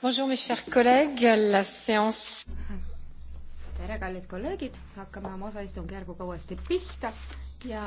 tere, kallid kolleegid, hakkame oma osaistungjärguga uuesti pihta ja